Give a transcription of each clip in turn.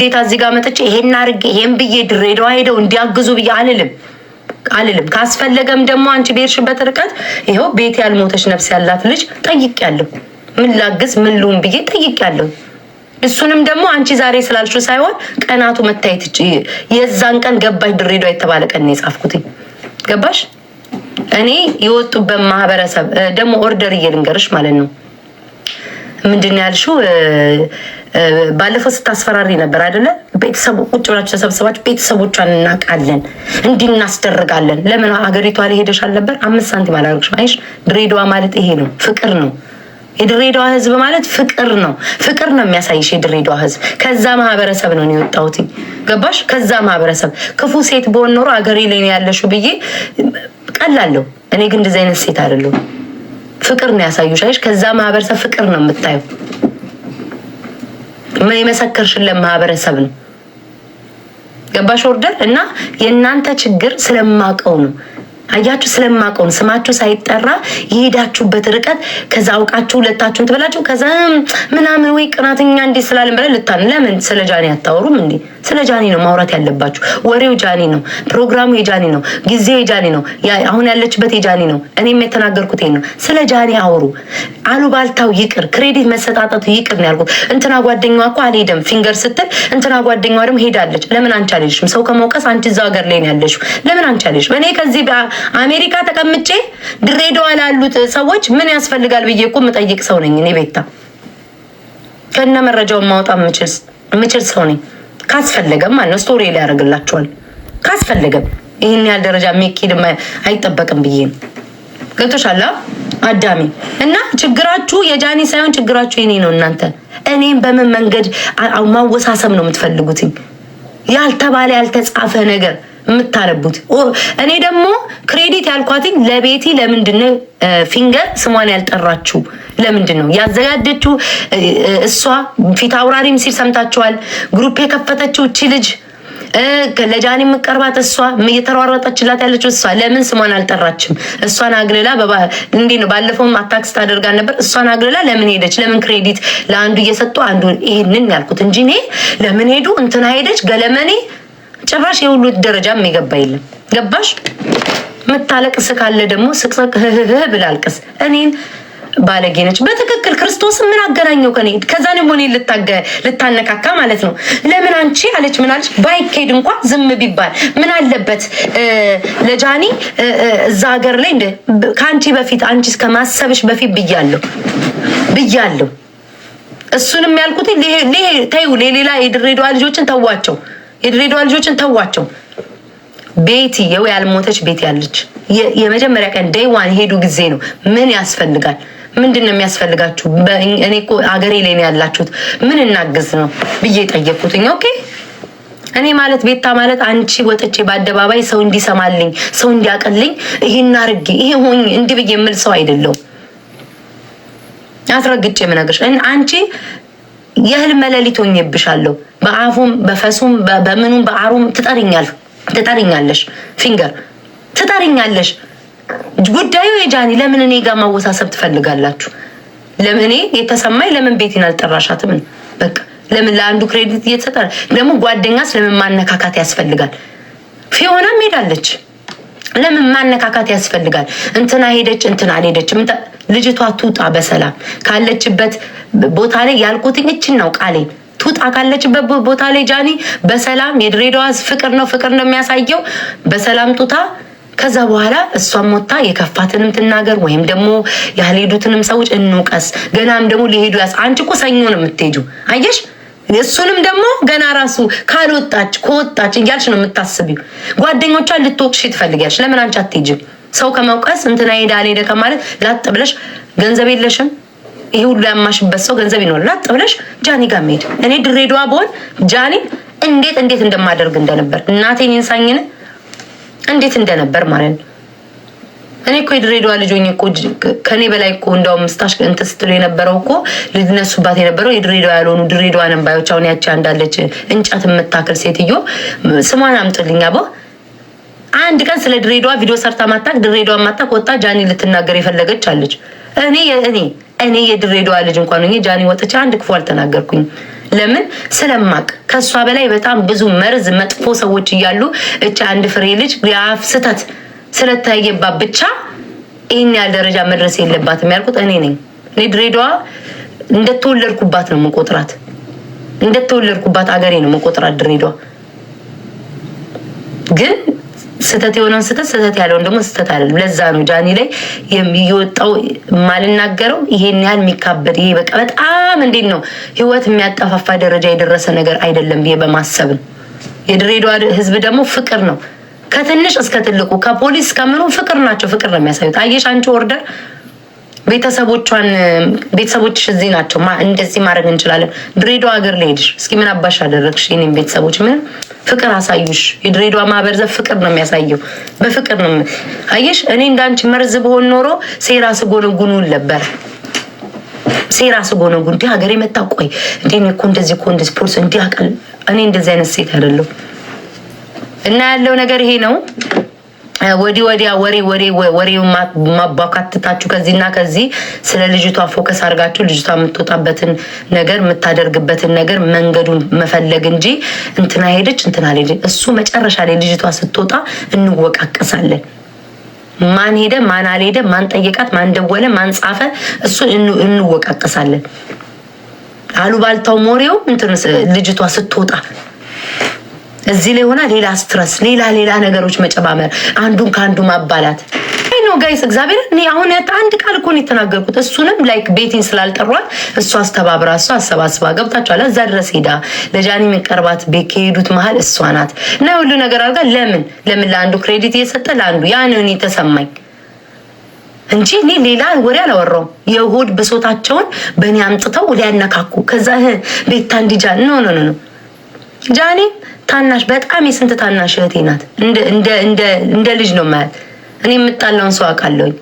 ግዴታ እዚህ ጋር መጥቼ ይሄን አድርጌ ይሄን ብዬ ድሬዳዋ ሄደው እንዲያግዙ ብዬ አልልም አልልም። ካስፈለገም ደግሞ አንቺ በሄድሽበት ርቀት ይኸው ቤት ያልሞተች ነፍስ ያላት ልጅ ጠይቄያለሁ። ምን ላግዝ ምን ልሁን ብዬ ጠይቄያለሁ። እሱንም ደግሞ አንቺ ዛሬ ስላልሽው ሳይሆን ቀናቱ መታየት የዛን ቀን ገባሽ ድሬዳዋ የተባለ ቀን ነው የጻፍኩትኝ። ገባሽ? እኔ የወጡበት ማህበረሰብ ደግሞ ኦርደር እየልንገርሽ ማለት ነው ምንድን ነው ያልሽው? ባለፈው ስታስፈራሪ ነበር አይደለ? ቤተሰቡ ቁጭ ብላችሁ ተሰብስባችሁ ቤተሰቦቿን እናውቃለን፣ እንዲህ እናስደርጋለን። ለምን ሀገሪቷ ላይ ሄደሽ አልነበር? አምስት ሳንቲም አላደረግሽም። አይሽ ድሬዳዋ ማለት ይሄ ነው፣ ፍቅር ነው። የድሬዳዋ ህዝብ ማለት ፍቅር ነው። ፍቅር ነው የሚያሳይሽ የድሬዳዋ ህዝብ። ከዛ ማህበረሰብ ነው የወጣሁት። ገባሽ? ከዛ ማህበረሰብ ክፉ ሴት በሆን ኖሮ አገሬ ላይ ያለሽው ብዬ ቀላለሁ። እኔ ግን እንደዚህ አይነት ሴት አይደለሁም። ፍቅር ነው ያሳዩሽ አይደል? ከዛ ማህበረሰብ ፍቅር ነው የምታዩ። ምን የመሰከርሽለት ማህበረሰብ ነው ገባሽ? ኦርደር እና የእናንተ ችግር ስለማቀው ነው አያችሁ ስለማቀውን ስማችሁ ሳይጠራ የሄዳችሁበት ርቀት ከዛ አውቃችሁ ሁለታችሁን ትበላችሁ ከዛ ምናምን ወይ ቅናተኛ እንዴ ስላለን በላይ ልታን ለምን ስለ ጃኒ አታወሩም እንዴ? ስለ ጃኒ ነው ማውራት ያለባችሁ። ወሬው ጃኒ ነው፣ ፕሮግራሙ የጃኒ ነው፣ ጊዜው የጃኒ ነው፣ አሁን ያለችበት የጃኒ ነው። እኔም የተናገርኩት ነው። ስለ ጃኒ አውሩ። አሉባልታው ይቅር፣ ክሬዲት መሰጣጠቱ ይቅር ነው ያልኩት። እንትና ጓደኛዋ እኮ አልሄደም ፊንገር ስትል እንትና ጓደኛዋ ደግሞ ሄዳለች። ለምን አንቺ አልሄድሽም? ሰው ከመውቀስ አንቺ እዛው ሀገር ላይ ነው ያለሽው። ለምን አንቺ አልሄድሽም? እኔ ከዚህ አሜሪካ ተቀምጬ ድሬዳዋ ላሉት ሰዎች ምን ያስፈልጋል ብዬ እኮ የምጠይቅ ሰው ነኝ። እኔ ቤታ ከነ መረጃውን ማውጣ የምችል ሰው ነኝ። ካስፈለገም ማለት ስቶሪ ላይ ያደርግላቸዋል። ካስፈለገም ይህን ያህል ደረጃ ሜኬድ አይጠበቅም ብዬ ነው። ገብቶሻል አዳሚ እና ችግራችሁ የጃኒ ሳይሆን ችግራችሁ የኔ ነው። እናንተ እኔም በምን መንገድ ማወሳሰብ ነው የምትፈልጉትኝ? ያልተባለ ያልተጻፈ ነገር የምታነቡት። እኔ ደግሞ ክሬዲት ያልኳትኝ ለቤቲ ለምንድነው ፊንገር ስሟን ያልጠራችው? ለምንድን ነው ያዘጋጀችው? እሷ ፊት አውራሪም ሲል ሰምታችኋል። ግሩፕ የከፈተችው እቺ ልጅ ለጃኒ የምቀርባት እሷ እየተሯሯጠችላት ያለችው እሷ ለምን ስሟን አልጠራችም? እሷን አግልላ እንዴ ነው ባለፈውም አታክስ ታደርጋ ነበር። እሷን አግልላ ለምን ሄደች? ለምን ክሬዲት ለአንዱ እየሰጡ አንዱ ይህንን ያልኩት እንጂ እኔ ለምን ሄዱ እንትና ሄደች ገለመኔ ጭራሽ የሁሉት ደረጃም የገባ የለም። ገባሽ? ምታለቅስ ካለ ደግሞ ስቅሰቅ ህህህህ ብላልቅስ እኔን ባለጌ ነች በትክክል ክርስቶስ ምን አገናኘው ከኔ? ከዛ ደግሞ እኔን ልታነካካ ማለት ነው። ለምን አንቺ አለች ምን አለች? ባይኬድ እንኳን ዝም ቢባል ምን አለበት? ለጃኒ እዛ ሀገር ላይ ከአንቺ በፊት አንቺ ከማሰብሽ በፊት ብያለሁ ብያለሁ። እሱንም ያልኩት ተይው፣ የሌላ የድሬዳዋ ልጆችን ተዋቸው። የድሬዳዋ ልጆችን ተዋቸው። ቤቲ የው ያልሞተች ቤት ያለች የመጀመሪያ ቀን ደይ ዋን ሄዱ ጊዜ ነው ምን ያስፈልጋል? ምንድን ነው የሚያስፈልጋችሁ? እኔ እኮ አገሬ ላይ ነው ያላችሁት፣ ምን እናግዝ ነው ብዬ ጠየቅኩትኝ። ኦኬ እኔ ማለት ቤታ ማለት አንቺ ወጥቼ በአደባባይ ሰው እንዲሰማልኝ ሰው እንዲያቀልኝ ይሄን አርጌ ይሄ ሆኝ እንዲህ ብዬ የምል ሰው አይደለሁም። አስረግጬ የምነግርሽ አንቺ የህልም ሌሊት ሆኜብሻለሁ። በአፉም በፈሱም በምኑም በአሩም ትጠርኛለሽ ፊንገር ትጠርኛለሽ። ጉዳዩ የጃኒ ለምን እኔ ጋር ማወሳሰብ ትፈልጋላችሁ? ለምን እኔ የተሰማኝ ለምን ቤቴን አልጠራሻትም? በቃ ለምን ለአንዱ ክሬዲት እየተሰጠ ደግሞ ጓደኛስ ለምን ማነካካት ያስፈልጋል? ፊዮናም ሄዳለች። ለምን ማነካካት ያስፈልጋል? እንትና ሄደች እንትና አልሄደች፣ ልጅቷ ትውጣ በሰላም ካለችበት ቦታ ላይ ያልኩትኝ እችን ነው ቃሌ። ትውጣ ካለችበት ቦታ ላይ ጃኒ በሰላም የድሬዳዋ ፍቅር ነው ፍቅር ነው የሚያሳየው። በሰላም ጡታ ከዛ በኋላ እሷም ወታ የከፋትንም ትናገር፣ ወይም ደግሞ ያልሄዱትንም ሰዎች እንውቀስ። ገናም ደግሞ ሊሄዱ ያስ አንቺ እኮ ሰኞ ነው የምትሄጂው አየሽ እሱንም ደግሞ ገና ራሱ ካልወጣች ከወጣች እያልሽ ነው የምታስቢው። ጓደኞቿን ልትወቅሽ ትፈልጊያለሽ። ለምን አንቺ አትሄጂም? ሰው ከመውቀስ እንትና ሄዳ ሄደ ከማለት ላጥ ብለሽ ገንዘብ የለሽም ይህ ሁሉ ያማሽበት ሰው ገንዘብ ይኖር ላጥ ብለሽ ጃኒ ጋር መሄድ። እኔ ድሬዳዋ በሆን ጃኒ እንዴት እንዴት እንደማደርግ እንደነበር እናቴን ይንሳኝን እንዴት እንደነበር ማለት ነው። እኔ እኮ የድሬዳዋ ልጆኝ እኮ ከእኔ በላይ እኮ እንዳውም ስታሽ እንትን ስትሉ የነበረው እኮ ልነሱባት የነበረው የድሬዳዋ ያልሆኑ ድሬዳዋ ነንባዮች አሁን ያቺ አንዳለች እንጨት የምታክል ሴትዮ ስሟን አምጡልኝ አቦ አንድ ቀን ስለ ድሬዳዋ ቪዲዮ ሰርታ ማታቅ ድሬዳዋ ማታቅ ወጣ ጃኒ ልትናገር የፈለገች አለች። እኔ እኔ እኔ የድሬዳዋ ልጅ እንኳን ሆኜ ጃኒ ወጥቼ አንድ ክፉ አልተናገርኩኝ። ለምን ስለማቅ ከእሷ በላይ በጣም ብዙ መርዝ መጥፎ ሰዎች እያሉ እች አንድ ፍሬ ልጅ ያ ስተት ስለታየባት ብቻ ይህን ያህል ደረጃ መድረስ የለባትም ያልኩት እኔ ነኝ። እኔ ድሬዳዋ እንደተወለድኩባት ነው መቆጥራት፣ እንደተወለድኩባት አገሬ ነው መቆጥራት ድሬዳዋ። ግን ስህተት የሆነውን ስህተት ስህተት ያለውን ደግሞ ስህተት አለ። ለዛ ነው ጃኒ ላይ የወጣው የማልናገረው ይሄን ያህል የሚካበድ ይሄ በቃ በጣም እንዴት ነው ህይወት የሚያጠፋፋ ደረጃ የደረሰ ነገር አይደለም ብዬ በማሰብ ነው። የድሬዳዋ ህዝብ ደግሞ ፍቅር ነው። ከትንሽ እስከ ትልቁ ከፖሊስ ከምኑ ፍቅር ናቸው። ፍቅር ነው የሚያሳዩት። አየሽ አንቺ ኦርደር ቤተሰቦቿን ቤተሰቦችሽ እዚህ ናቸው። እንደዚህ ማድረግ እንችላለን። ድሬዳዋ ሀገር ልሄድሽ እስኪ ምን አባሽ አደረግሽ? የእኔም ቤተሰቦች ምን ፍቅር አሳዩሽ። የድሬዳዋ ማህበረሰብ ፍቅር ነው የሚያሳየው። በፍቅር ነው አየሽ። እኔ እንዳንቺ መርዝ በሆን ኖሮ ሴራ ስጎነጉኑን ነበር ሴራ ስጎነጉን እንዲህ ሀገር የመጣ ቆይ እንዴ እኮ እንደዚህ እኮ እንደዚህ ፖሊስ እንዲህ አቀል እኔ እንደዚህ አይነት ሴት አይደለሁ እና ያለው ነገር ይሄ ነው። ወዲህ ወዲያ ወሬ ወሬ ወሬ ማቧካትታችሁ ከዚህና ከዚህ ስለ ልጅቷ ፎከስ አድርጋችሁ ልጅቷ የምትወጣበትን ነገር የምታደርግበትን ነገር መንገዱን መፈለግ እንጂ እንትና ሄደች እንትና ሄደ እሱ መጨረሻ ላይ ልጅቷ ስትወጣ እንወቃቀሳለን። ማን ሄደ ማን አልሄደ፣ ማን ጠየቃት፣ ማን ደወለ፣ ማን ጻፈ፣ እሱ እንወቃቀሳለን። አሉባልታው ሞሬው ልጅቷ ስትወጣ እዚህ ላይ ሆና ሌላ ስትረስ፣ ሌላ ሌላ ነገሮች መጨማመር፣ አንዱን ከአንዱ ማባላት ነው ጋይስ። እግዚአብሔር እኔ አሁን አንድ ቃል እኮ ነው የተናገርኩት። እሱንም ላይክ ቤቴን ስላልጠሯት እሱ አስተባብራ እሱ አሰባስባ ገብታችኋል። እዛ ድረስ ሄዳ ለጃኒ የሚቀርባት ከሄዱት መሀል እሷ ናት እና ሁሉ ነገር አድርጋ ለምን ለምን ለአንዱ ክሬዲት እየሰጠ ለአንዱ ያን እኔ ተሰማኝ እንጂ እኔ ሌላ ወሬ አላወራውም። የሆድ ብሶታቸውን በእኔ አምጥተው ሊያነካኩ ከዛ ቤታ እንዲጃ ኖ ኖ ኖ ጃኒ ታናሽ በጣም የስንት ታናሽ እህቴ ናት። እንደ ልጅ ነው ማያት። እኔ የምጣለውን ሰው አውቃለሁኝ።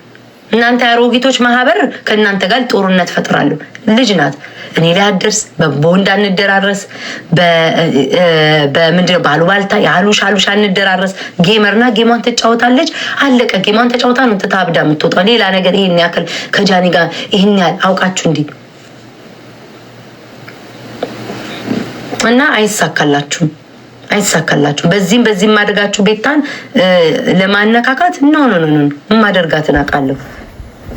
እናንተ አሮጊቶች ማህበር ከእናንተ ጋር ጦርነት ፈጥራለሁ። ልጅ ናት። እኔ ላይ አደርስ በወንድ አንደራረስ፣ በምንድን ባሉባልታ የአሉሽ አሉሽ አንደራረስ። ጌመርና ጌማን ትጫወታለች። አለቀ። ጌማን ተጫወታ ነው ትታ አብዳ የምትወጣው። ሌላ ነገር ይህን ያክል ከጃኒ ጋር ይህን ያህል አውቃችሁ እንዲህ እና አይሳካላችሁም። አይሳካላችሁ። በዚህም በዚህም ማድረጋችሁ ቤታን ለማነካካት ኖ ኖ ኖ የማደርጋትን አውቃለሁ።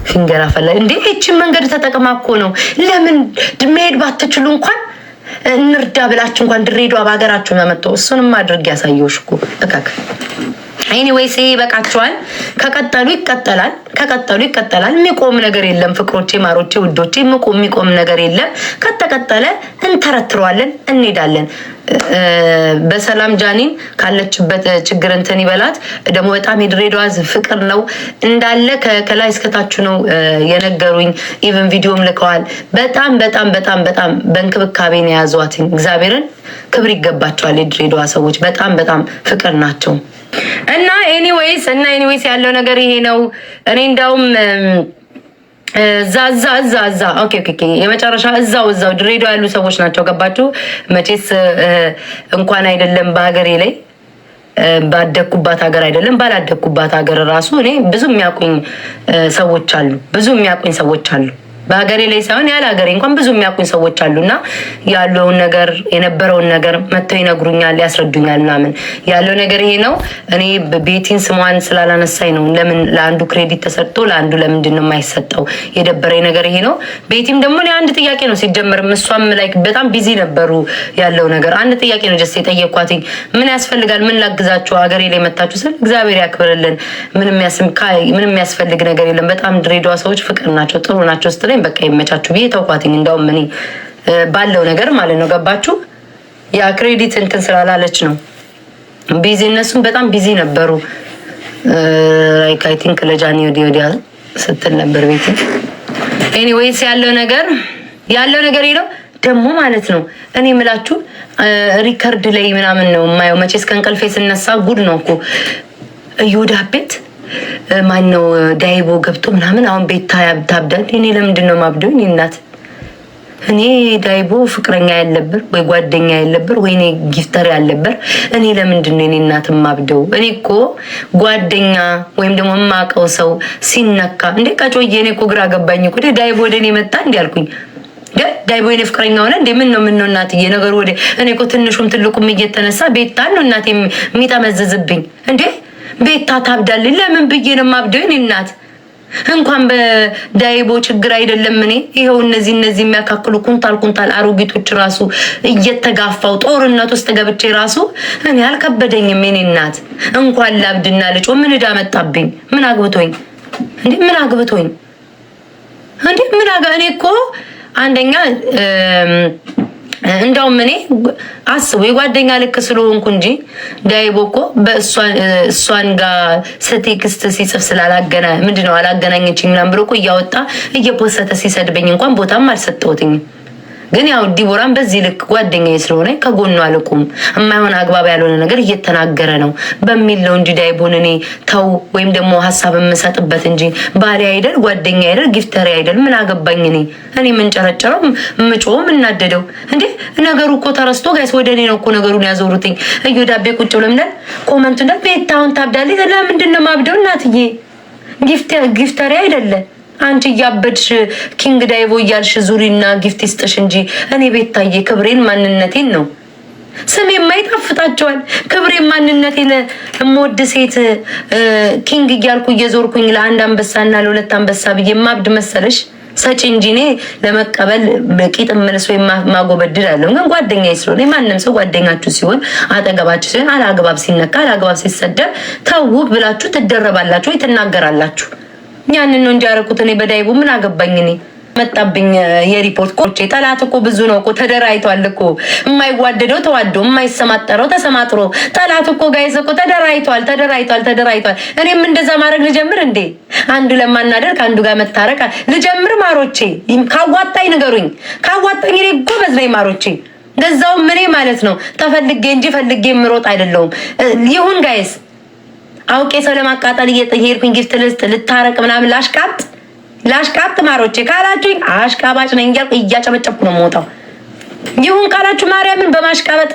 ፊንገር አፈላ እንዴ! ይችን መንገድ ተጠቅማ እኮ ነው። ለምን መሄድ ባትችሉ እንኳን እንርዳ ብላችሁ እንኳን ድሬዳዋ በሀገራችሁ መመጣው እሱንም ማድረግ ያሳየውሽ እኮ እካክል ኤኒዌይስ ይሄ ይበቃቸዋል። ከቀጠሉ ይቀጠላል፣ ከቀጠሉ ይቀጠላል። የሚቆም ነገር የለም ፍቅሮቼ፣ ማሮቼ፣ ውዶቼ የሚቆም ነገር የለም። ከተቀጠለ እንተረትረዋለን፣ እንሄዳለን። በሰላም ጃኒን ካለችበት ችግር እንትን ይበላት። ደግሞ በጣም የድሬዳዋ ፍቅር ነው እንዳለ ከላይ እስከታች ነው የነገሩኝ። ኢቨን ቪዲዮም ልከዋል። በጣም በጣም በጣም በጣም በእንክብካቤን የያዟትኝ እግዚአብሔርን ክብር ይገባቸዋል። የድሬዳዋ ሰዎች በጣም በጣም ፍቅር ናቸው። እና ኤኒዌይስ እና ኤኒዌይስ ያለው ነገር ይሄ ነው። እኔ እንዳውም እዛ እዛ እዛ እዛ ኦኬ ኦኬ የመጨረሻ እዛው እዛው ድሬዳዋ ያሉ ሰዎች ናቸው። ገባችሁ? መቼስ እንኳን አይደለም በሀገሬ ላይ ባደግኩባት ሀገር አይደለም ባላደግኩባት ሀገር ራሱ እኔ ብዙ የሚያቁኝ ሰዎች አሉ። ብዙ የሚያቁኝ ሰዎች አሉ። በሀገሬ ላይ ሳይሆን ያለ ሀገሬ እንኳን ብዙ የሚያውቁኝ ሰዎች አሉና ያለውን ነገር የነበረውን ነገር መጥተው ይነግሩኛል፣ ያስረዱኛል ምናምን ያለው ነገር ይሄ ነው። እኔ ቤቲን ስሟን ስላላነሳኝ ነው። ለምን ለአንዱ ክሬዲት ተሰጥቶ ለአንዱ ለምንድን ነው የማይሰጠው? የደበረኝ ነገር ይሄ ነው። ቤቲም ደግሞ አንድ ጥያቄ ነው ሲጀመር፣ እሷም ላይ በጣም ቢዚ ነበሩ። ያለው ነገር አንድ ጥያቄ ነው ጀስ የጠየኳትኝ። ምን ያስፈልጋል? ምን ላግዛችሁ? ሀገሬ ላይ መታችሁ ስል እግዚአብሔር ያክብርልን፣ ምንም የሚያስፈልግ ነገር የለም። በጣም ድሬዳዋ ሰዎች ፍቅር ናቸው፣ ጥሩ ናቸው ስትለኝ ላይ በቃ ይመቻችሁ ብዬ ተውኳትኝ። እንደውም እኔ ባለው ነገር ማለት ነው ገባችሁ። ያ ክሬዲት እንትን ስላላለች ነው ቢዚ፣ እነሱም በጣም ቢዚ ነበሩ። ላይክ አይ ቲንክ ለጃኒ ወዲ ወዲያ ስትል ነበር ቤት። ኤኒዌይስ ያለው ነገር ያለው ነገር ይለው ደግሞ ማለት ነው እኔ የምላችሁ ሪከርድ ላይ ምናምን ነው የማየው። መቼስ ከእንቅልፌ ስነሳ ጉድ ነው እኮ እዮዳ ቤት ማነው ዳይቦ ገብቶ ምናምን አሁን ቤት ታብዳል። እኔ ለምንድን ነው ማብደው? እኔ እናት እኔ ዳይቦ ፍቅረኛ ያለብር ወይ ጓደኛ ያለብር ወይ እኔ ጊፍተር ያለብር እኔ ለምንድን ነው እኔ እናት ማብደው? እኔ እኮ ጓደኛ ወይም ደግሞ የማውቀው ሰው ሲነካ እንዴ ቀጮዬ፣ እኔ እኮ ግራ ገባኝ እኮ ዳይቦ ወደ እኔ መጣ እንዲ አልኩኝ። ዳይቦ የኔ ፍቅረኛ ሆነ እንዴ? ምን ነው ምን ነው እናትዬ፣ ነገሩ ወደ እኔ እኮ ትንሹም ትልቁም እየተነሳ ቤታን ነው እናቴ የሚጠመዘዝብኝ እንዴ ቤታ ታብዳል። ለምን ብዬ ነው የማብደው? እናት እንኳን በዳይቦ ችግር አይደለም። እኔ ይኸው እነዚህ እነዚህ የሚያካክሉ ኩንታል ኩንታል አሮጊቶች ራሱ እየተጋፋው ጦርነት ውስጥ ገብቼ ራሱ እኔ አልከበደኝም። እኔ እናት እንኳን ላብድና ልጮ ምን እዳ መጣብኝ? ምን አግብቶኝ እንዴ? ምን አግብቶኝ እንዴ? ምን አጋ እኔ እኮ አንደኛ እንደውም እኔ አስቡ የጓደኛ ልክ ስለሆንኩ እንጂ ዳይቦ እኮ በእሷን ጋር ስቴክስት ሲጽፍ ስላላገነ ምንድነው አላገናኘችኝ ምናምን ብሎ እኮ እያወጣ እየፖሰተ ሲሰድበኝ እንኳን ቦታም አልሰጠውትኝም። ግን ያው ዲቦራን በዚህ ልክ ጓደኛ ስለሆነ ከጎኑ አልቁም፣ የማይሆን አግባብ ያልሆነ ነገር እየተናገረ ነው በሚል ነው እንጂ ዳይቦን እኔ ተው ወይም ደግሞ ሀሳብ የምሰጥበት እንጂ ባሪ አይደል ጓደኛ አይደል ጊፍተሪ አይደል ምን አገባኝ እኔ እኔ የምንጨረጨረው ምጮ ምናደደው እንዴ ነገሩ እኮ ተረስቶ ጋይስ ወደ እኔ ነው እኮ ነገሩን ያዞሩትኝ። እዩ ዳቤ ቁጭ ብለምናል ኮመንቱ ዳ ቤታሁን ታብዳለች። ለምንድን ነው ማብደው እናትዬ? ጊፍተሪ አይደለን አንቺ እያበድሽ ኪንግ ዳይቦ እያልሽ ዙሪና ጊፍት ይስጥሽ እንጂ እኔ ታየ ክብሬን ማንነቴን ነው። ስሜ የማይጣፍጣቸዋል። ክብሬን ማንነቴን የምወድ ሴት ኪንግ እያልኩ እየዞርኩኝ ለአንድ አንበሳና ለሁለት አንበሳ ብዬ ማብድ መሰለሽ? ሰጪ እንጂ እኔ ለመቀበል ቂጥ ምልስ ወይም ማጎበድል አለው። ግን ጓደኛ ስለሆነ ማንም ሰው ጓደኛችሁ ሲሆን አጠገባችሁ ሲሆን አላግባብ ሲነካ አላግባብ ሲሰደብ ተው ብላችሁ ትደረባላችሁ ወይ ትናገራላችሁ። ያንን ነው እንጂ እኔ በዳይቡ ምን አገባኝ? እኔ መጣብኝ የሪፖርት ቆቼ። ጠላት እኮ ብዙ ነው እኮ ተደራይቷል እኮ የማይዋደደው ተዋዶ የማይሰማጠረው ተሰማጥሮ። ጠላት እኮ ጋይዝ እኮ ተደራይቷል ተደራይቷል ተደራይቷል እኔም እንደዛ ማድረግ ልጀምር እንዴ? አንዱ ለማናደር ከአንዱ ጋር መታረቅ ልጀምር? ማሮቼ ካዋጣኝ ንገሩኝ፣ ካዋጣኝ እኔ ጎበዝ ነኝ ማሮቼ ገዛውም እኔ ማለት ነው ተፈልጌ እንጂ ፈልጌ የምሮጥ አይደለውም። ይሁን ጋይዝ አውቄ ሰው ለማቃጠል እየሄድኩኝ ጊፍት ልስጥ ልታረቅ ምናምን ላሽቃጥ ላሽቃጥ ማሮቼ ካላችሁኝ አሽቃባጭ ነኝ እያልኩ እያጨበጨብኩ ነው የምወጣው። ይሁን ካላችሁ ማርያምን በማሽቃበጥ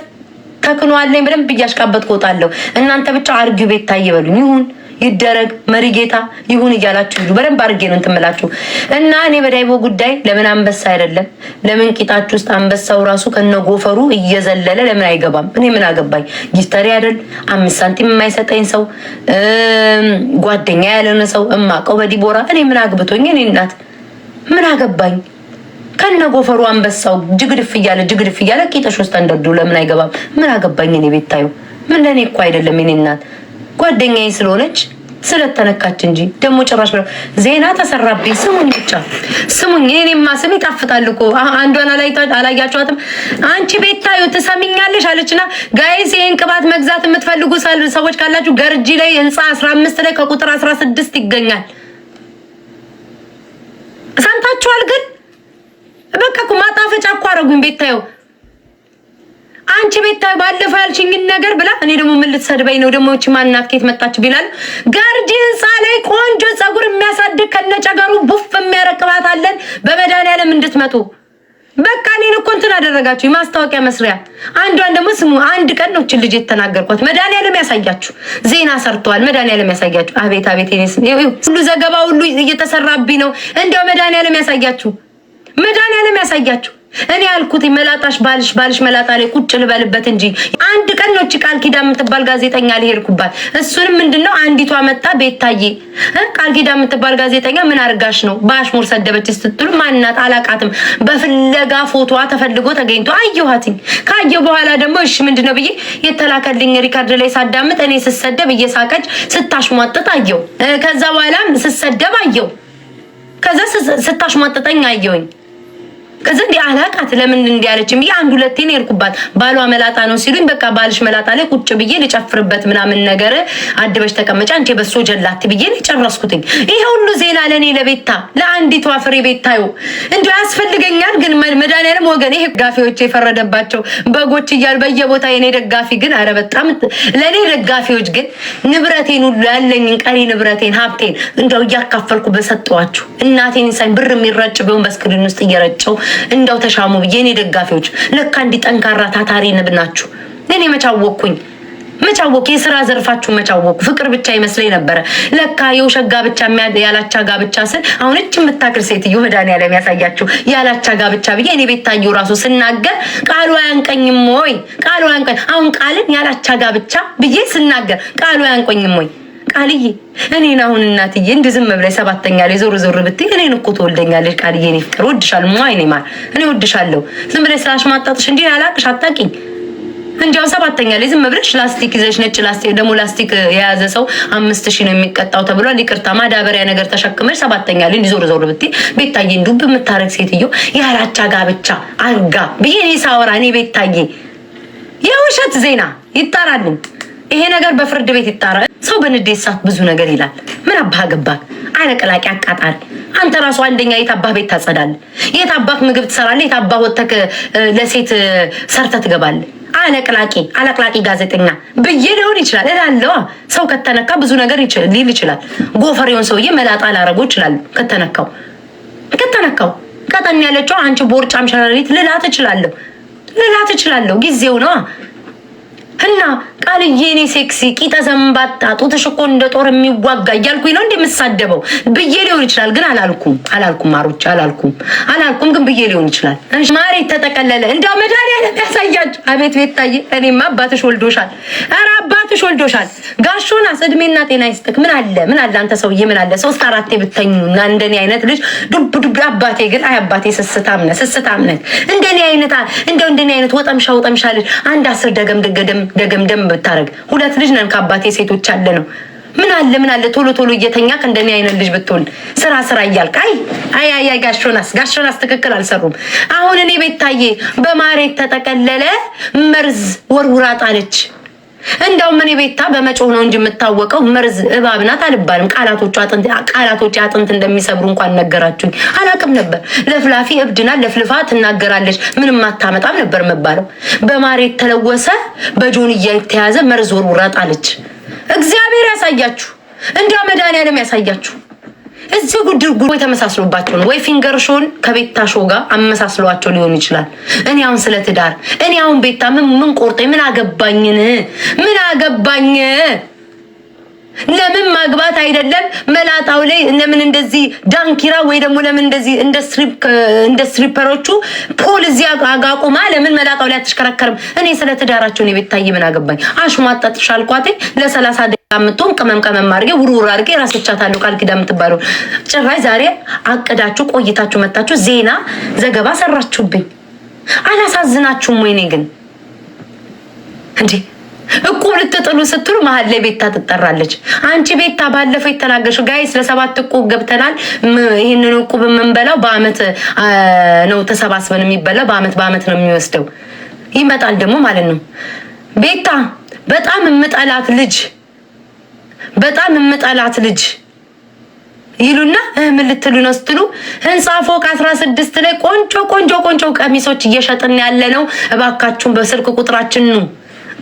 ተክኗለኝ በደንብ እያሽቃበጥኩ እወጣለሁ። እናንተ ብቻ አርጊው ቤት ታየ በሉኝ ይሁን ይደረግ መሪ ጌታ ይሁን እያላችሁ ሂዱ። በደንብ አድርጌ ነው እንትን እና እኔ በዳይቦ ጉዳይ ለምን አንበሳ አይደለም? ለምን ቂጣችሁ ውስጥ አንበሳው ራሱ ከነ ጎፈሩ እየዘለለ ለምን አይገባም? እኔ ምን አገባኝ? ጊስተሪ አይደል? አምስት ሳንቲም የማይሰጠኝ ሰው ጓደኛ ያለነ ሰው እማቀው በዲቦራ እኔ ምን አግብቶኝ? እኔ እናት ምን አገባኝ? ከነ ጎፈሩ አንበሳው ጅግድፍ እያለ ጅግድፍ እያለ ቂጠሽ ውስጥ እንደዱ ለምን አይገባም? ምን አገባኝ? እኔ ቤታዩ ምን ለእኔ እኮ አይደለም የኔ እናት ጓደኛዬ ስለሆነች ስለተነካች እንጂ ደግሞ ጭራሽ ዜና ተሰራብኝ። ስሙኝ ብቻ ስሙኝ። እኔማ ስም ይጣፍጣል እኮ አንዷን አላያቸዋትም። አንቺ ቤታዩ ትሰሚኛለሽ አለችና፣ ጋይስ ይህን ቅባት መግዛት የምትፈልጉ ሰዎች ካላችሁ ገርጂ ላይ ህንፃ 15 ላይ ከቁጥር 16 ይገኛል። ሰምታችኋል? ግን በቃ ማጣፈጫ እኮ አደረጉኝ ቤታዩ አንቺ ቤታ ባለፈው ያልሽኝን ነገር ብላ እኔ ደግሞ ምን ልትሰድበኝ ነው ደግሞ? እቺ ማናት ከየት መጣች ቢላል ገርጂ ህንፃ ላይ ቆንጆ ፀጉር የሚያሳድግ ከነጨገሩ ቡፍ የሚያረቅባት አለን በመድኃኒዓለም እንድትመጡ በቃ እኔን እኮ እንትን አደረጋችሁ። የማስታወቂያ መስሪያ አንዷን ደግሞ ስሙ። አንድ ቀን ነው ችን ልጅ የተናገርኳት። መድኃኒዓለም ያሳያችሁ፣ ዜና ሰርተዋል። መድኃኒዓለም ያሳያችሁ። አቤት አቤት፣ ሁሉ ዘገባ ሁሉ እየተሰራብኝ ነው። እንዲያው መድኃኒዓለም ያሳያችሁ፣ መድኃኒዓለም ያሳያችሁ። እኔ ያልኩት መላጣሽ ባልሽ ባልሽ መላጣ ላይ ቁጭ ልበልበት እንጂ አንድ ቀን ነው እቺ ቃል ኪዳን የምትባል ጋዜጠኛ ሊሄድኩባት። እሱንም ምንድነው አንዲቷ መጣ ቤታዬ ቃል ኪዳን የምትባል ጋዜጠኛ ምን አርጋሽ ነው በአሽሙር ሰደበች ስትሉ ማናት አላቃትም። በፍለጋ ፎቶዋ ተፈልጎ ተገኝቶ አየኋትኝ። ካየሁ በኋላ ደግሞ እሺ ምንድነው ብዬ የተላከልኝ ሪካርድ ላይ ሳዳምጥ እኔ ስሰደብ እየሳቀች ስታሽሟጥጥ አየው። ከዛ በኋላም ስሰደብ አየው። ከዛ ስታሽሟጥጠኝ አየውኝ። ከዚ እንዲህ አላቃት ለምን እንዲህ አለችኝ ብዬ አንድ ሁለቴ ነው የሄድኩባት። ባሏ መላጣ ነው ሲሉኝ በቃ ባልሽ መላጣ ላይ ቁጭ ብዬ ልጨፍርበት ምናምን ነገር አድበሽ ተቀመጫ አንቺ በሶ ጀላት ብዬ ልጨረስኩትኝ። ይሄ ሁሉ ዜና ለእኔ ለቤታ ለአንዲቷ ፍሬ ቤታዩ እንዲ ያስፈልገኛል። ግን መድኃኒዓለም ወገን ይሄ ደጋፊዎች የፈረደባቸው በጎች እያሉ በየቦታ የኔ ደጋፊ ግን አረ በጣም ለእኔ ደጋፊዎች ግን ንብረቴን ሁሉ ያለኝን ቀሪ ንብረቴን ሀብቴን እንደው እያካፈልኩ በሰጠዋችሁ እናቴን ሳይ ብር የሚረጭ ቢሆን በስክሪን ውስጥ እየረጨው እንዳው ተሻሙ ብዬ እኔ ደጋፊዎች ለካ እንዲህ ጠንካራ ታታሪ ንብ ናችሁ። እኔ መቻወቅኩኝ መቻወቅ የስራ ዘርፋችሁ መቻወቅ ፍቅር ብቻ ይመስለኝ ነበረ። ለካ የውሸት ጋብቻ ያላቻ ጋብቻ ስል አሁን እች የምታክል ሴትዮ መድኃኒዓለም ያሳያችሁ ያላቻ ጋብቻ ብዬ እኔ ቤታየሁ ራሱ ስናገር ቃሉ አያንቀኝም ወይ? ቃሉ አያንቀኝ አሁን ቃልን ያላቻ ጋብቻ ብዬ ስናገር ቃሉ አያንቆኝም ወይ? ቃልዬ እኔን አሁን እናትዬ እንድ ዝም ብለ ሰባተኛ ላይ ዞር ዞር ብትይ እኔን እኮ ትወልደኛለሽ። ቃልዬ እኔ ፍቅር ወድሻል ማ አይኔ ማር እኔ ወድሻለሁ። ዝም ብለ ስራሽ ማጣጥሽ እንዲህ ያላቅሽ አታቂኝ። እንዲያውም ሰባተኛ ላይ ዝም ብለሽ ላስቲክ ይዘሽ ነጭ ላስቲክ ደግሞ ላስቲክ የያዘ ሰው አምስት ሺህ ነው የሚቀጣው ተብሏል። ይቅርታ ማዳበሪያ ነገር ተሸክመሽ ሰባተኛ ላይ እንዲዞር ዞር ብትይ ቤታዬ ዱብ የምታረግ ሴትዮ ያላቻ ጋብቻ አርጋ ብዬ እኔ ሳወራ እኔ ቤታዬ የውሸት ዜና ይጣራልኝ። ይሄ ነገር በፍርድ ቤት ይጣራ። ሰው በንዴት ሰዓት ብዙ ነገር ይላል። ምን አባህ ገባህ? አይነቅላቂ አቃጣል። አንተ ራሱ አንደኛ የት አባህ ቤት ታጸዳለህ? የት አባህ ምግብ ትሰራለህ? የት አባህ ወተክ ለሴት ሰርተህ ትገባለህ? አለቅላቂ አለቅላቂ ጋዜጠኛ ብዬ ሊሆን ይችላል እላለዋ። ሰው ከተነካ ብዙ ነገር ሊል ይችላል። ጎፈር የሆን ሰውዬ መላጣ ላረጎ ይችላል። ከተነካው ከተነካው ቀጠን ያለችው አንቺ ቦርጫም ሸረሪት ልላት እችላለሁ ልላት እችላለሁ። ጊዜው ነዋ። እና ቃልዬ እኔ ሴክሲ ቂጠ ዘንባጣ ጡትሽ እኮ እንደ ጦር የሚዋጋ እያልኩኝ ነው እንደምሳደበው ብዬ ሊሆን ይችላል፣ ግን አላልኩም አላልኩም ማሮች አላልኩም አላልኩም፣ ግን ብዬ ሊሆን ይችላል። ማሬ ተጠቀለለ እንደ መድኃኒዓለም ያሳያችሁ። አቤት ቤታዬ፣ ታዬ፣ እኔማ አባትሽ ወልዶሻል። ኧረ አባትሽ ወልዶሻል። ጋሾናስ እድሜና ጤና ይስጥክ። ምን አለ ምን አለ አንተ ሰውዬ ምን አለ ሶስት አራቴ ብተኙ እና እንደኔ አይነት ልጅ ዱብ ዱብ። አባቴ ግን አይ አባቴ ስስታም ነህ እንደኔ አይነት እንደው እንደኔ አይነት ወጠምሻ ወጠምሻ ልጅ አንድ አስር ደገም ደገደም ደገምደም ብታደረግ ሁለት ልጅ ነን ከአባቴ ሴቶች አለ ነው ምን አለ ምን አለ ቶሎ ቶሎ እየተኛ ከእንደኔ አይነት ልጅ ብትሆን ስራ ስራ እያልክ አይ አይ አይ አይ ጋሾናስ ጋሾናስ ትክክል አልሰሩም። አሁን እኔ ታዬ በማሬት ተጠቀለለ መርዝ ወርውራ ጣለች። እንደውም እኔ ቤታ በመጮህ ነው እንጂ የምታወቀው መርዝ እባብ ናት አልባልም። ቃላቶች አጥንት እንደሚሰብሩ እንኳን ነገራችሁኝ። አላቅም ነበር። ለፍላፊ እብድና ለፍልፋ ትናገራለች ምንም አታመጣም ነበር መባለው። በማሬ የተለወሰ በጆንያ የተያዘ መርዝ ወርውራ ጣለች። እግዚአብሔር ያሳያችሁ፣ እንዲያው መድኃኒዓለም ያሳያችሁ። እዚህ ጉድር ጉድ ወይ ተመሳስሎባቸው ነው ወይ ፊንገር ሾን ከቤታ ሾ ጋር አመሳስሏቸው ሊሆን ይችላል። እኔ አሁን ስለ ትዳር እኔ አሁን ቤታ ምን ምን ቆርጠኝ ምን አገባኝን ምን አገባኝ ለምን ማግባት አይደለም መላጣው ላይ ለምን እንደዚህ ዳንኪራ ወይ ደግሞ ለምን እንደዚህ እንደ ስትሪፐሮቹ ፖል እዚያ አጋቁማ ለምን መላጣው ላይ አትሽከረከርም? እኔ ስለ ትዳራቸውን የቤታዬ ምን አገባኝ። አሽሟጣጥሻ አልኳቴ ለሰላሳ ምትሆን ቅመም ቅመም አድርጌ ውርውር አድርጌ ራስቻታለሁ። ቃል ኪዳን የምትባለው ጭራሽ ዛሬ አቅዳችሁ ቆይታችሁ መታችሁ ዜና ዘገባ ሰራችሁብኝ። አላሳዝናችሁም? ወይኔ ግን እንዴ እቁብ ልትጥሉ ስትሉ መሀል ላይ ቤታ ትጠራለች። አንቺ ቤታ ባለፈው የተናገርሽው ጋይስ ለሰባት እቁብ ገብተናል። ይህንን እቁብ የምንበላው በአመት ነው ተሰባስበን የሚበላው በአመት በአመት ነው የሚወስደው። ይመጣል ደግሞ ማለት ነው ቤታ በጣም የምጠላት ልጅ በጣም የምጠላት ልጅ ይሉና ምን ልትሉ ነው ስትሉ፣ ህንፃ ፎቅ 16 ላይ ቆንጆ ቆንጆ ቆንጆ ቀሚሶች እየሸጥን ያለ ነው። እባካችሁን በስልክ ቁጥራችን ኑ።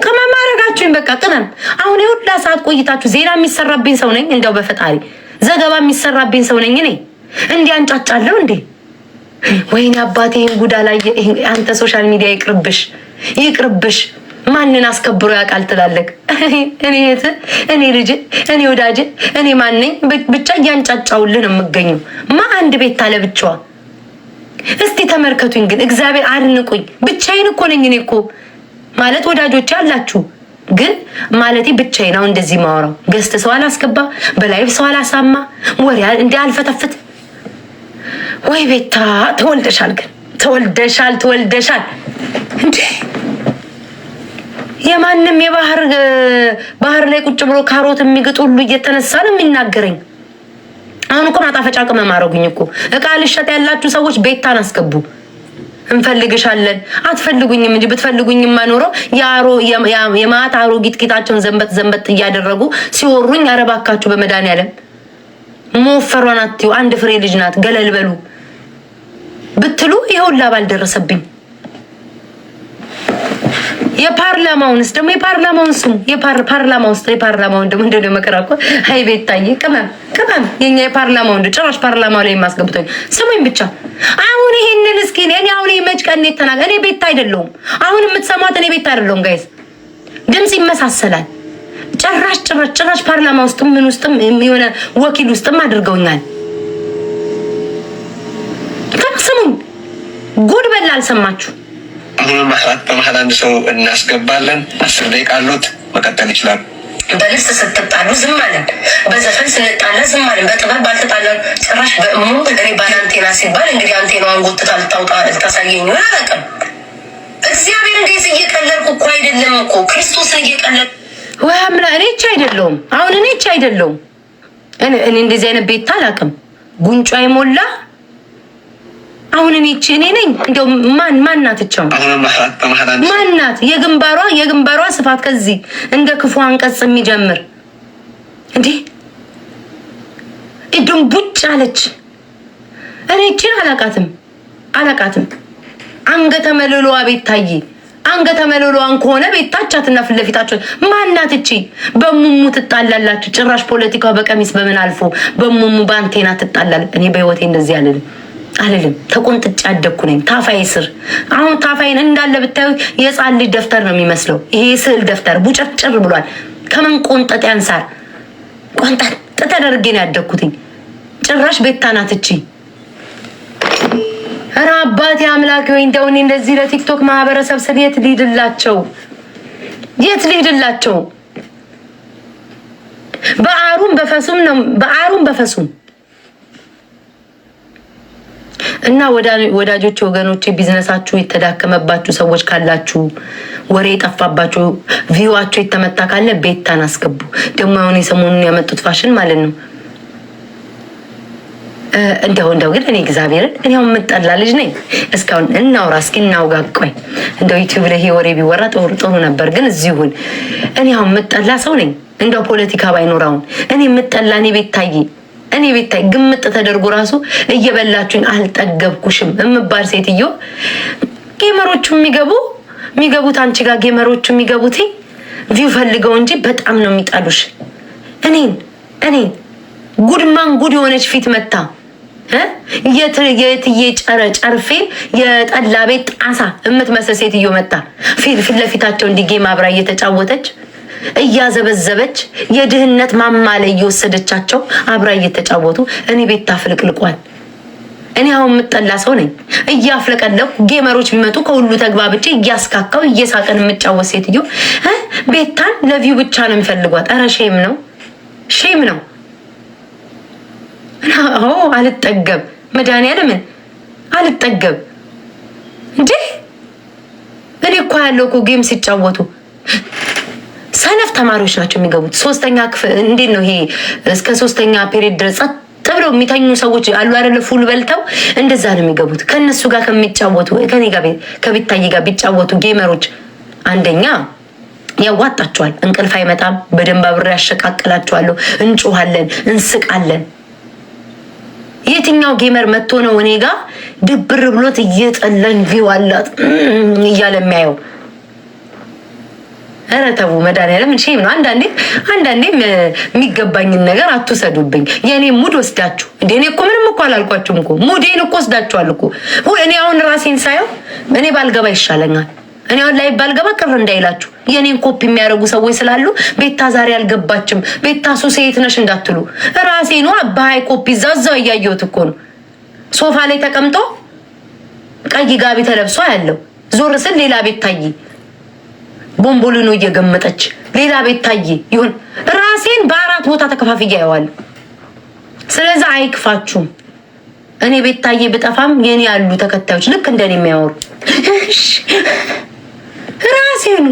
ቅመም አረጋችሁኝ። በቃ ቅመም። አሁን የሁላ ሰዓት ቆይታችሁ ዜና የሚሰራብኝ ሰው ነኝ። እንዲያው በፈጣሪ ዘገባ የሚሰራብኝ ሰው ነኝ እኔ። እንዲህ አንጫጫለሁ እንዴ? ወይኔ አባቴ ይህን ጉዳ ላይ አንተ ሶሻል ሚዲያ ይቅርብሽ፣ ይቅርብሽ። ማንን አስከብሮ ያውቃል ትላለህ። እኔ እህት፣ እኔ ልጅ፣ እኔ ወዳጅ፣ እኔ ማነኝ ብቻ እያንጫጫውልህ ነው የምገኘው። ማ አንድ ቤት ታለ ብቻዋ። እስቲ ተመልከቱኝ ግን እግዚአብሔር አድንቁኝ። ብቻዬን እኮ ነኝ እኔ እኮ ማለት ወዳጆች አላችሁ ግን ማለቴ ብቻዬን አሁን እንደዚህ ማወራው ገዝተ ሰው አላስገባ በላይብ ሰው አላሳማ ወሬ እንዲህ አልፈተፍት ወይ ቤታ ተወልደሻል ግን ተወልደሻል ተወልደሻል እንዴ የማንም የባህር ባህር ላይ ቁጭ ብሎ ካሮት የሚግጥ ሁሉ እየተነሳ ነው የሚናገረኝ። አሁን እኮ ማጣፈጫ ቅመም አረጉኝ እኮ። እቃ ልሸጥ ያላችሁ ሰዎች ቤታን አስገቡ፣ እንፈልግሻለን። አትፈልጉኝም እንጂ ብትፈልጉኝም ማኖረው የማት አሮ ጌጣቸውን ዘንበጥ ዘንበጥ እያደረጉ ሲወሩኝ፣ አረባካችሁ በመድኃኒዓለም መወፈሯን አትዩ። አንድ ፍሬ ልጅ ናት ገለልበሉ ብትሉ ይኸውላ ባልደረሰብኝ የፓርላማውንስ ደግሞ የፓርላማውን ስሙ የፓርላማውን ስ የፓርላማውን ደግሞ እንደ መከራ እኮ ሀይ ቤት ታዬ ቅመም ቅመም የኛ የፓርላማው እንደ ጭራሽ ፓርላማ ላይ የማስገብቶኝ ስሙኝ ብቻ። አሁን ይሄንን እስኪ እኔ አሁን የመጭ ቀን የተናገ እኔ ቤት አይደለሁም። አሁን የምትሰማት እኔ ቤት አይደለሁም። ጋይዝ ድምፅ ይመሳሰላል። ጭራሽ ጭራሽ ጭራሽ ፓርላማ ውስጥም ምን ውስጥም የሆነ ወኪል ውስጥም አድርገውኛል። ስሙኝ ጉድ በላ አልሰማችሁ ይህን በመሀል አንድ ሰው እናስገባለን። አስር ደቂቃ አሉት፣ መቀጠል ይችላል። በልብስ ስትጣሉ ዝም አለን። በዘፈን ስንጣላ ዝም አለን። በጥበብ ባልተጣላን ጭራሽ በእሙ እግሬ ባለ አንቴና ሲባል እንግዲህ አንቴናዋን ጎትታ ልታውጣ ልታሳየኝ ሆን አላውቅም። እግዚአብሔር እንዴት እየቀለልኩ እኮ አይደለም እኮ ክርስቶስን እየቀለል እየቀለድ ወምላ እኔ እች አይደለውም አሁን እኔ እች አይደለውም እኔ እንደዚህ አይነት ቤት አላውቅም ጉንጯ የሞላ አሁን እኔ ይቺ እኔ ነኝ። እንደው ማን ማን ናትቸው ማን ናት የግንባሯ የግንባሯ ስፋት ከዚህ እንደ ክፉ አንቀጽ የሚጀምር እንዴ እዱም ቡጭ አለች። እኔ ይቺን አላቃትም አላቃትም። አንገተ መለሎዋ ቤታዬ አንገተ መለሎዋን ከሆነ ቤታቻትና ፊት ማን ናት እቺ? በሙሙ ትጣላላችሁ። ጭራሽ ፖለቲካው በቀሚስ በምን አልፎ በሙሙ በአንቴና ትጣላል። እኔ በህይወቴ እንደዚህ አልልም። አልልም። ተቆንጥጬ አደግኩ ነኝ። ታፋይ ስር አሁን ታፋይን እንዳለ ብታዩ የህፃን ልጅ ደብተር ነው የሚመስለው። ይሄ የስዕል ደብተር ቡጨርጭር ብሏል። ከምን ቆንጠጥ ያንሳር ቆንጠጥ ተደርጌ ነው ያደግኩትኝ። ጭራሽ ቤታ ናት እቺ። አባቴ አምላክ ወይ እንደው እኔ እንደዚህ ለቲክቶክ ማህበረሰብ ስል የት ሊድላቸው የት ሊድላቸው በአሩም በፈሱም ነው በአሩም በፈሱም እና ወዳጆች፣ ወገኖች ቢዝነሳችሁ የተዳከመባችሁ ሰዎች ካላችሁ፣ ወሬ የጠፋባችሁ፣ ቪዋችሁ የተመታ ካለ ቤታን አስገቡ። ደግሞ አሁን የሰሞኑን ያመጡት ፋሽን ማለት ነው። እንደው እንደው ግን እኔ እግዚአብሔርን እኔ አሁን የምጠላ ልጅ ነኝ። እስካሁን እናውራ እስኪ እናውጋ። ቆይ እንደው ዩቲዩብ ላይ ወሬ ቢወራ ጥሩ ጥሩ ነበር፣ ግን እዚሁን እኔ አሁን የምጠላ ሰው ነኝ። እንደው ፖለቲካ ባይኖር እኔ የምጠላ እኔ ቤት ቤታዬ እኔ ቤታይ ግምጥ ተደርጎ ራሱ እየበላችሁኝ አልጠገብኩሽም የምባል ሴትዮ ጌመሮቹ የሚገቡ የሚገቡት አንቺ ጋር ጌመሮቹ የሚገቡት ቪው ፈልገው እንጂ በጣም ነው የሚጠሉሽ። እኔን እኔን ጉድማን ጉድ የሆነች ፊት መታ የትዬ ጨረ ጨርፌ የጠላ ቤት ጣሳ የምትመስል ሴትዮ መጣ ፊት ለፊታቸው እንዲጌ ማብራ እየተጫወተች እያዘበዘበች የድህነት ማማ ላይ እየወሰደቻቸው አብራ እየተጫወቱ እኔ ቤት ፍልቅልቋል። እኔ አሁን የምጠላ ሰው ነኝ። እያፍለቀለኩ ጌመሮች ቢመጡ ከሁሉ ተግባብቼ እያስካካው እየሳቀን የምጫወት ሴትዮ ቤታን ለቪው ብቻ ነው የሚፈልጓት። ኧረ ሼም ነው ሼም ነው። አልጠገብ መድኃኒዓለምን አልጠገብ እንዴ እኔ እኮ ያለው እኮ ጌም ሲጫወቱ ሰነፍ ተማሪዎች ናቸው የሚገቡት። ሶስተኛ ክፍል እንዴት ነው ይሄ? እስከ ሶስተኛ ፔሪድ ድረስ ጸጥ ብለው የሚተኙ ሰዎች አሉ አይደለ? ፉል በልተው እንደዛ ነው የሚገቡት። ከእነሱ ጋር ከሚጫወቱ ከኔ ጋር ከቢታይ ጋር ቢጫወቱ ጌመሮች አንደኛ ያዋጣቸዋል። እንቅልፍ አይመጣም። በደንብ አብሬ ያሸቃቅላቸዋለሁ። እንጮኋለን፣ እንስቃለን። የትኛው ጌመር መጥቶ ነው እኔ ጋር ድብር ብሎት እየጠለን ቪው አላት እያለ የሚያየው? ኧረ ተው መድኃኒዓለም ሼም ነው። አንዳንዴ አንዳንዴም የሚገባኝን ነገር አትውሰዱብኝ። የእኔ ሙድ ወስዳችሁ እንደ እኔ እኮ ምንም እኮ አላልኳችሁም እኮ ሙዴን እኮ ወስዳችኋል እኮ። እኔ አሁን ራሴን ሳየው እኔ ባልገባ ይሻለኛል። እኔ አሁን ላይ ባልገባ ቅር እንዳይላችሁ የእኔን ኮፒ የሚያደርጉ ሰዎች ስላሉ ቤታ ዛሬ አልገባችም፣ ቤታ ሱ ሴት ነሽ እንዳትሉ። ራሴ ነ በሀይ ኮፒ እዛ እያየሁት እኮ ነው። ሶፋ ላይ ተቀምጦ ቀይ ጋቢ ተለብሶ ያለው ዞር ስል ሌላ ቤት ታይ ቦምቦሊኖ እየገመጠች ሌላ ቤት ታዬ ይሁን ራሴን በአራት ቦታ ተከፋፍያ ያዋል። ስለዛ አይክፋችሁም። እኔ ቤት ታዬ ብጠፋም የኔ ያሉ ተከታዮች ልክ እንደኔ የሚያወሩ ራሴኑ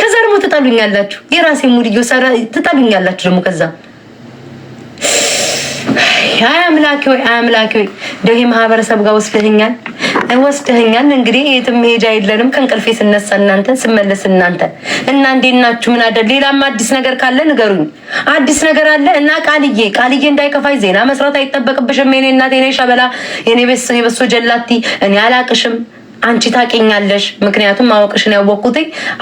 ከዛ ደግሞ ትጠሉኛላችሁ። የራሴ ሙድዮ ትጠሉኛላችሁ ደግሞ ከዛ አይ አምላኬ ወይ አምላኬ ወይ ደው ማህበረሰብ ጋር ወስደህኛል ወስደህኛል። እንግዲህ የትም መሄጃ የለንም። ከእንቅልፌ ስነሳ እናንተን ስመለስ እናንተ እና እንዴት ናችሁ? ምን አደል? ሌላም አዲስ ነገር ካለ ንገሩኝ። አዲስ ነገር አለ እና ቃልዬ ቃልዬ እንዳይከፋይ ዜና መስራት አይጠበቅብሽም። የኔ እናት፣ የኔ ሸበላ፣ የኔ በሶ ጀላቲ እኔ አላቅሽም አንቺ ታውቂኛለሽ፣ ምክንያቱም ማወቅሽን ያወቅኩት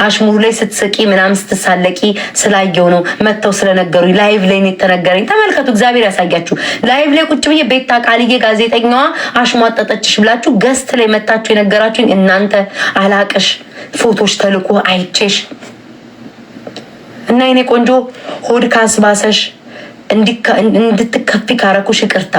አሽሙሩ ላይ ስትስቂ ምናምን ስትሳለቂ ስላየው ነው። መጥተው ስለነገሩኝ ላይቭ ላይ ተነገረኝ የተነገረኝ። ተመልከቱ፣ እግዚአብሔር ያሳያችሁ። ላይቭ ላይ ቁጭ ብዬ ቤታ ቃልዬ ጋዜጠኛዋ አሽሟጠጠችሽ ብላችሁ ገስት ላይ መታችሁ የነገራችሁኝ እናንተ አላቅሽ ፎቶች ተልኮ አይቼሽ እና የኔ ቆንጆ ሆድ ካስባሰሽ እንድትከፊ ካረኩሽ ይቅርታ